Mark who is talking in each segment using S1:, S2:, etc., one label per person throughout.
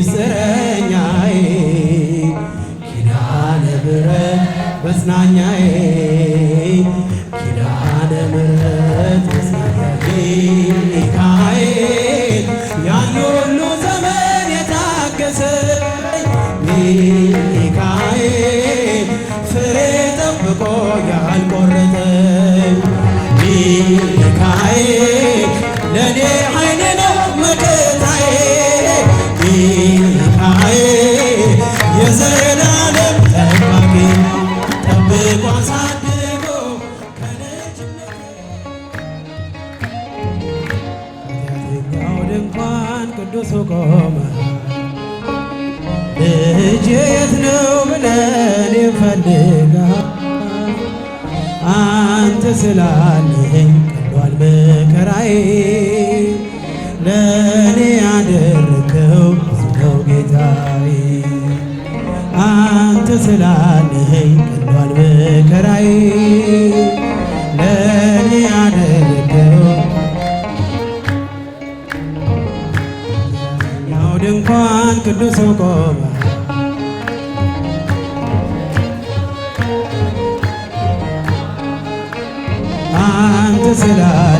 S1: dizer አንተ ስላለኸኝ ቀሏል መከራዬ ለኔ ያደረገው ያው ድንኳን ቅዱስ ቆመ አንተ ስላለ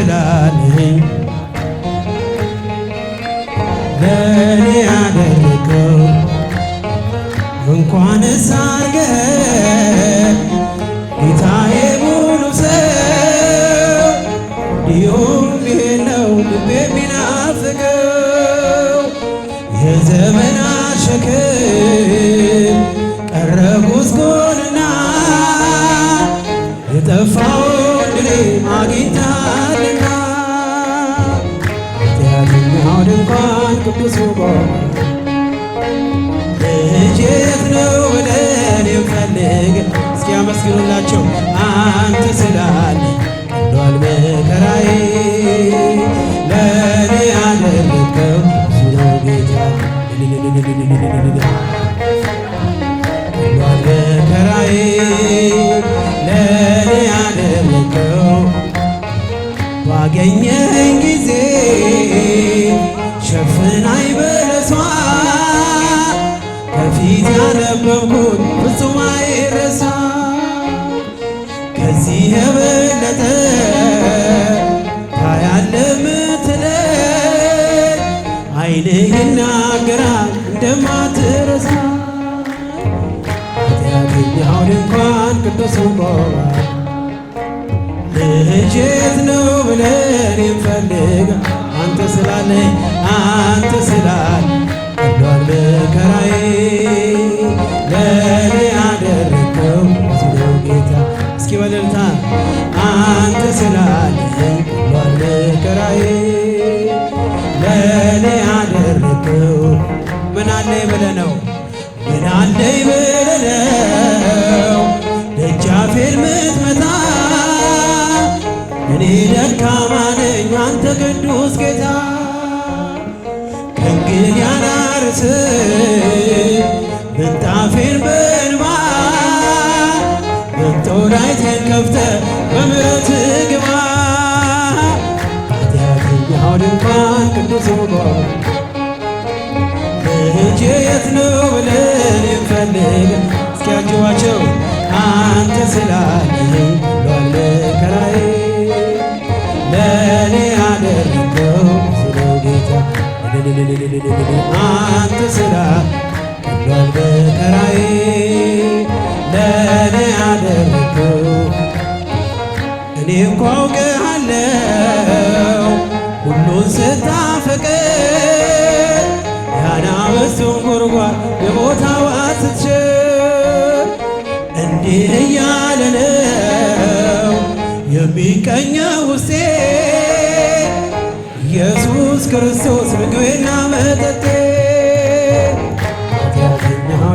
S1: ስላለኝ ለእኔ ያደረገው እንኳን ሳርገ ቅዱስ ቆመ ልጅት ነው ብለን ይፈልግ እስኪ ያመስግኑላቸው አንተ ስላለ ቀሏል መከራዬ ለእኔ አደረከው ስለ ጌታ ባገኘኝ ጊዜ ሸፍና አይበረቷ ከፊት ያነበብኩት ፍጹም አይረሳ ከዚህ የበለጠ ታያለ ምትለ አይንህ ይናገራል እንደማትረሳ ኃጢአተኛው ድንኳን ቅዱስ ቆሟል ልጄ ነው ብለን እንፈልጋለን ስላለኝ አንተ ስላል በእንባ ገብተውናይተን ከፍተ በምረት ግባ ኃጢአተኛው ቅዱስ ቆሞ እጄ የት ነው ብለን እንፈልግ እስኪያጅባቸው አንተ ስላለህ ሏለ ከላይ ለእኔ አደረገው ስለ ጌታ አንተ ስላ ያን መከራዬ ለእኔ አደረከው። እኔ እኮ አውቅሃለሁ ሁሉን ስታፈቅር የአናብስቱን ጉድጓድ የቦታ አትችል እንዲህ እያለ ነው የሚቀኘው ውስጤ ኢየሱስ ክርስቶስ ምግቤና መጠጤ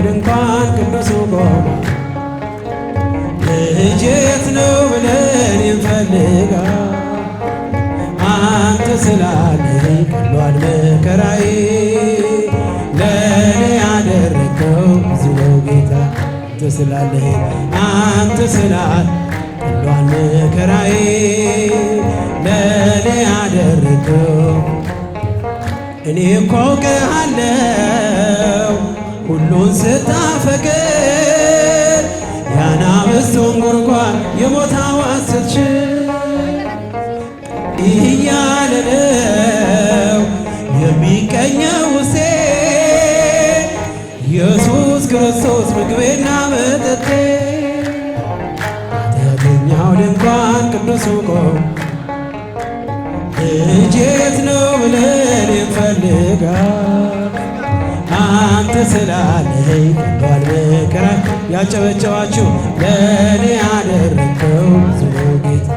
S1: ድንኳን ቅዱሱ ቆሞ ልጅ ነው ብለን እንፈልጋ አንተ ስላለኝ ቀሏል መከራዬ ለእኔ ያደረከው ብዙ ጌታ አንተ ስላለኝ አንተ ስላል ቀሏል መከራዬ ለእኔ ያደረከው እኔ እኮ አውቅሃለሁ ሁሉን ስታፈቅር የአናብስቱን ጉርጓድ የሞት አዋጅ ስትሽር እያለ ነው የሚቀኘው ውስጤ ኢየሱስ ክርስቶስ ምግቤና መጠጤ ኃጢአተኛው ድንኳን ቅዱሱ ቆመ አንተ ስላለኝ ቀሏል መከራ ያጨበጨባችሁ ለእኔ ያደረከው ስሎ ጌታ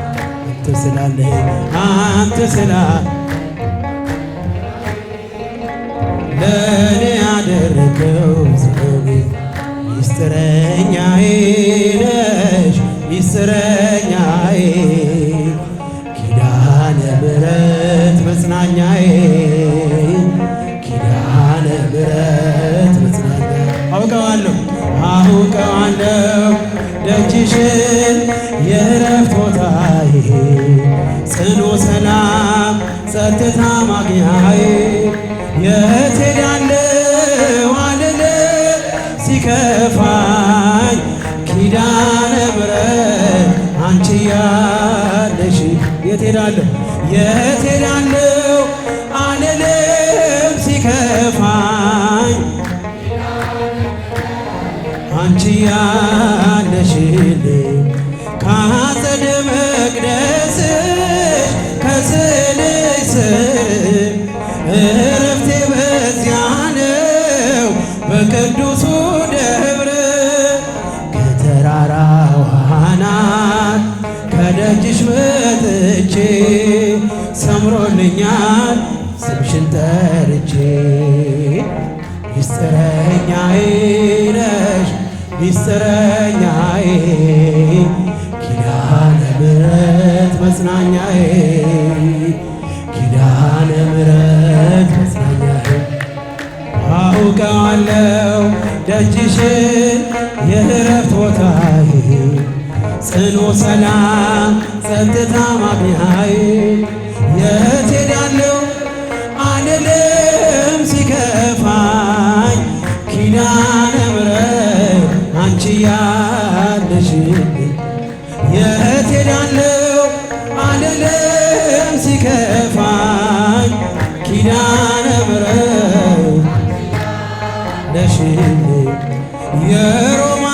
S1: አንተ ስላለኝ አንተ ስላ ከፋኝ! ኪዳነ ምሕረት አንቺ ያለሽ የት ሄዳለሁ የት ሄዳለሁ አልልም ሲከፋኝ አንቺ ያለሽ ከአጸደ መቅደስ ከስዕልሽ ስር እረፍቴ በዚያ ነው በቅዱሱ ይሽረኛል ስምሽን ጠርቼ ሚስጥረኛዬ ነሽ ሚስጥረኛዬ ኪዳነ ምሕረት መጽናኛዬ ኪዳነ ምሕረት መጽናኛዬ አውቀዋለው ደጅሽን የእረፍት ቦታዬ ጽኑ ሰላም ጸጥታ ማግኛዬ የት አልልም ሲከፋኝ ኪዳነ ምሕረት አንቺ ያለሽ አልልም ሲከፋኝ ኪዳነ ምሕረት የሮማን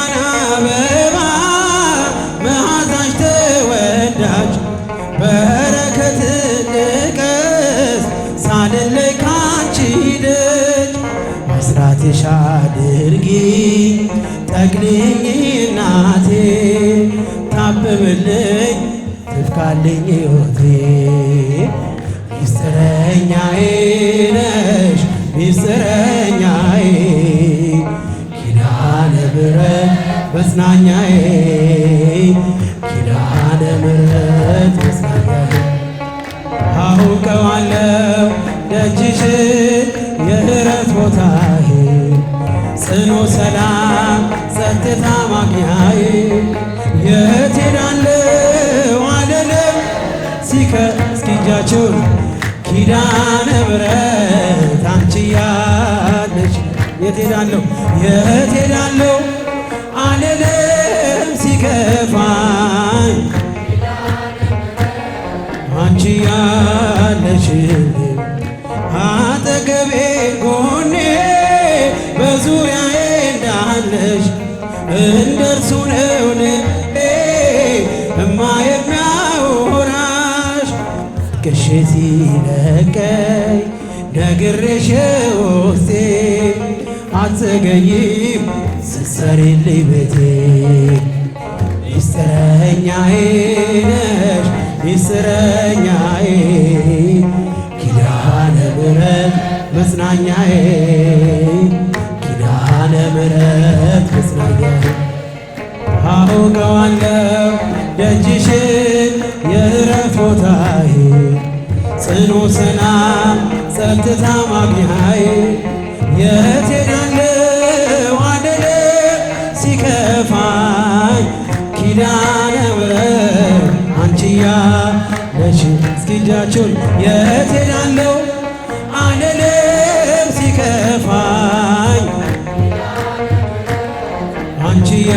S1: አድርጊ ጠግልኝ እናቴ ታብብልኝ ትፍካልኝ ሕይወቴ ሚስጥረኛዬ ነሽ ሚስጥረኛዬ ኪዳነ ምሕረት መጽናኛዬ ኪዳነ ምሕረት መጽናኛዬ አውቀዋለሁ ደጅሽ ጽኑ ሰላም ጸጥታ ማግኛዬ የት ሄዳለሁ አልልም ሲከር እስኪጃችሁ ኪዳነ ምሕረት አንቺ ያለሽ የቴዳለው ሄዳለሁ የት ሄዳለሁ አልልም ሲከፋኝ አንቺ ያለሽ እርሱ ነውን እማ የሚያወራሽ ቅሽት ይለቀይ ነግሬሽ ውስጤ አትዘገይም ስትሰሪልኝ ቤቴ ሚስጥረኛዬ ነሽ ሚስጥረኛዬ ኪዳነ ምሕረት መጽናኛዬ እጠራዋለሁ ደጅሽን የእረፍት ጽኑ ሰላም ጸጥታ ማግኛዬ የት ሄዳለሁ አልልም ሲከፋኝ ኪዳነ ምሕረት አንቺ ያለሽ እስኪ እጃችሁን የት ሄዳለሁ ሲከፋኝ አንቺ ያ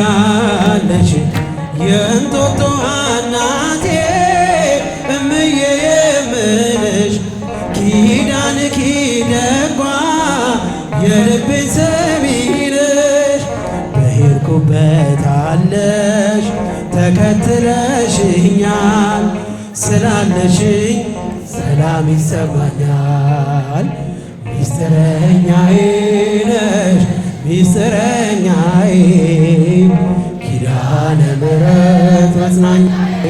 S1: ትለሽኛል ስላለሽኝ ሰላም ይሰማኛል። ሚስጥረኛዬ ነሽ ሚስጥረኛዬ ኪዳነ ምሕረት መጽናኛዬ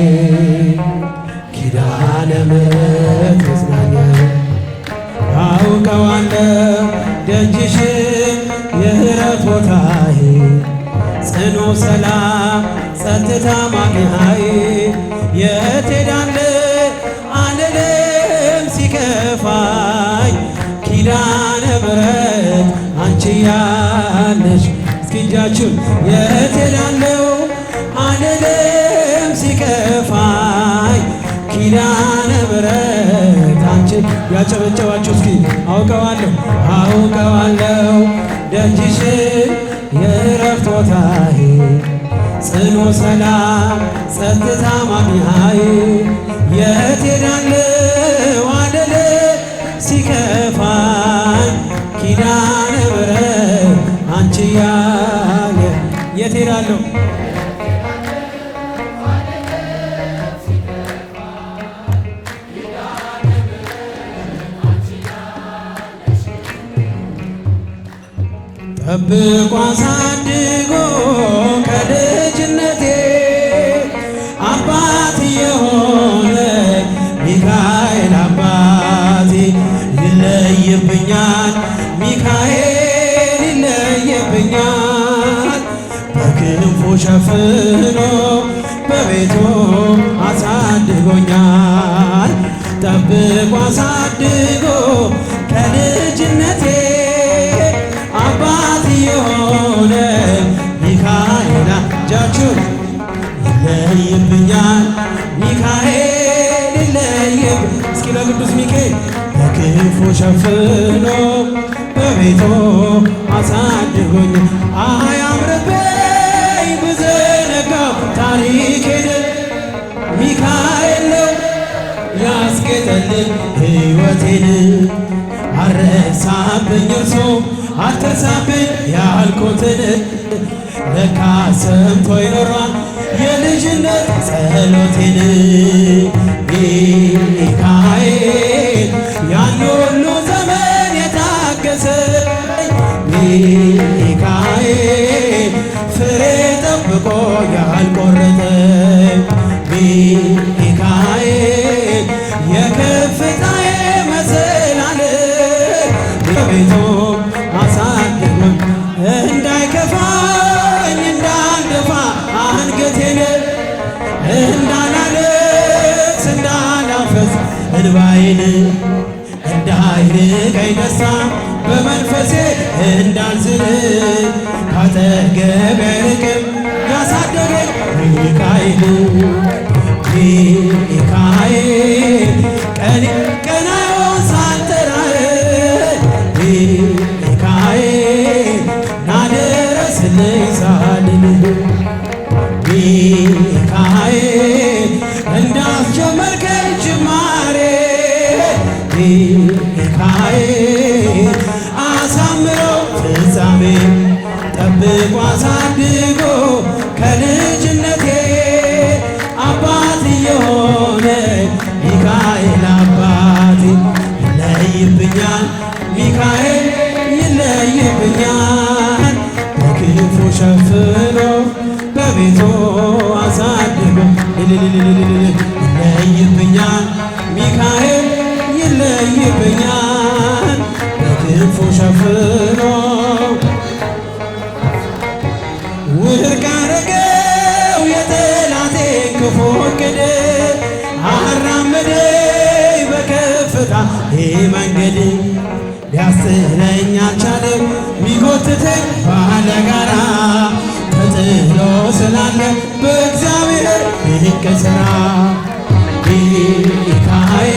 S1: ኪዳነ ምሕረት መጽናኛዬ አውቀዋለሁ ደጅሽን የእረት ቦታዬ ጽኑ ሰላም ጸጥታ ማንሃይ የት ሄዳለህ ሲከፋኝ ኪዳነ ምሕረት አንቺ ያለሽ እስኪ እጃችሁ አለለም ሲከፋኝ ኪዳነ ምሕረት አንቺ ያጨበጨባችሁ እስኪ አውቀዋለሁ አውቀዋለሁ ደጅሽን የእረፍት ቦታ ጽኑ ሰላም ጸጥታ ማሚሃይ የቴዳለ ሄዳለሁ ሲከፋን ሲከፋኝ ኪዳነ ምሕረት አንቺ ያለ የት ሄዳለሁ ጠብቆ አሳድጎ ሸፍኖ በቤቱ አሳድጎኛል ጠብቆ አሳድጎ ከልጅነቴ አባት የሆነ ሚካኤል እጃችሁ ይለይብኛል ሚካኤል ይለይብ እስኪ ለቅዱስ ሚካኤል በክፉ ሸፍኖ በቤቱ አሳድጎኛል አያምርብኝ ታሪክ ሄደ ሚካኤል ነው ያስጌጠልኝ ሕይወቴን አረሳብኝ እርሶ አትርሳብኝ ያልኩትን ለካ ሰምቶ ይኖሯል የልጅነት ጸሎቴን ሚካኤል ተቤቶ አሳደሩኝ እንዳይከፋኝ እንዳልደፋ አንገቴን እንዳላለቅስ እንዳላፈስ እንባዬን እንዳይርቀኝ ደስታ በመንፈሴ እንዳልዝን ካጠገቤ አይርቅም ያሳደገኝ ይቃይል ጌታዬ እንዳስጀመርከኝ ጅማሬ ጌታዬ አሳምሮ ፍጻሜ ጠብቆ አሳድጎ ከልጅነቴ አባት የሆነ ሚካኤል አባቴ ይለይብኛል ሚካኤል ይለይብኛል በክንፉ ሸፍኖ በቤቱ አሳድጎ ይለይብኛል ሚካኤል ይለይብኛል በክንፉ ሸፍኖ ውድቅ አረገው የጠላቴን ክፉ ዕቅድ አራመደኝ በከፍታ መንገድ ሊያስለኝ አልቻለም ሚጎትተኝ ባለጋራ ጥሎ ስላለ በእግዚአብሔር ድንቅ ሥራ ጌታዬ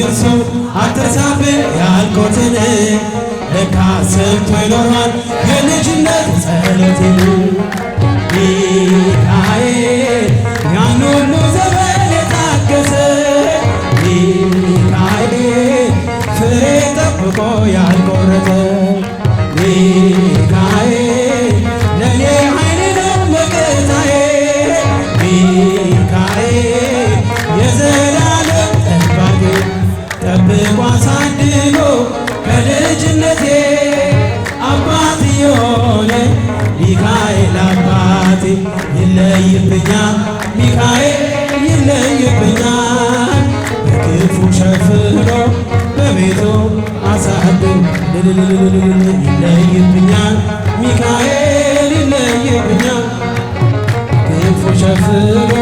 S1: ያመኘን ሰው ያልኮትን ለካ ሰምቶ ይኖሯል የልጅነት ጸሎቴን ሚካኤል ያን ሁሉ ዘመን የታገሰ ሚካኤል ፍሬ ጠብቆ ያለ ይለይብኛል ሚካኤል ይለይብኛል ክንፉ ሸፍኖ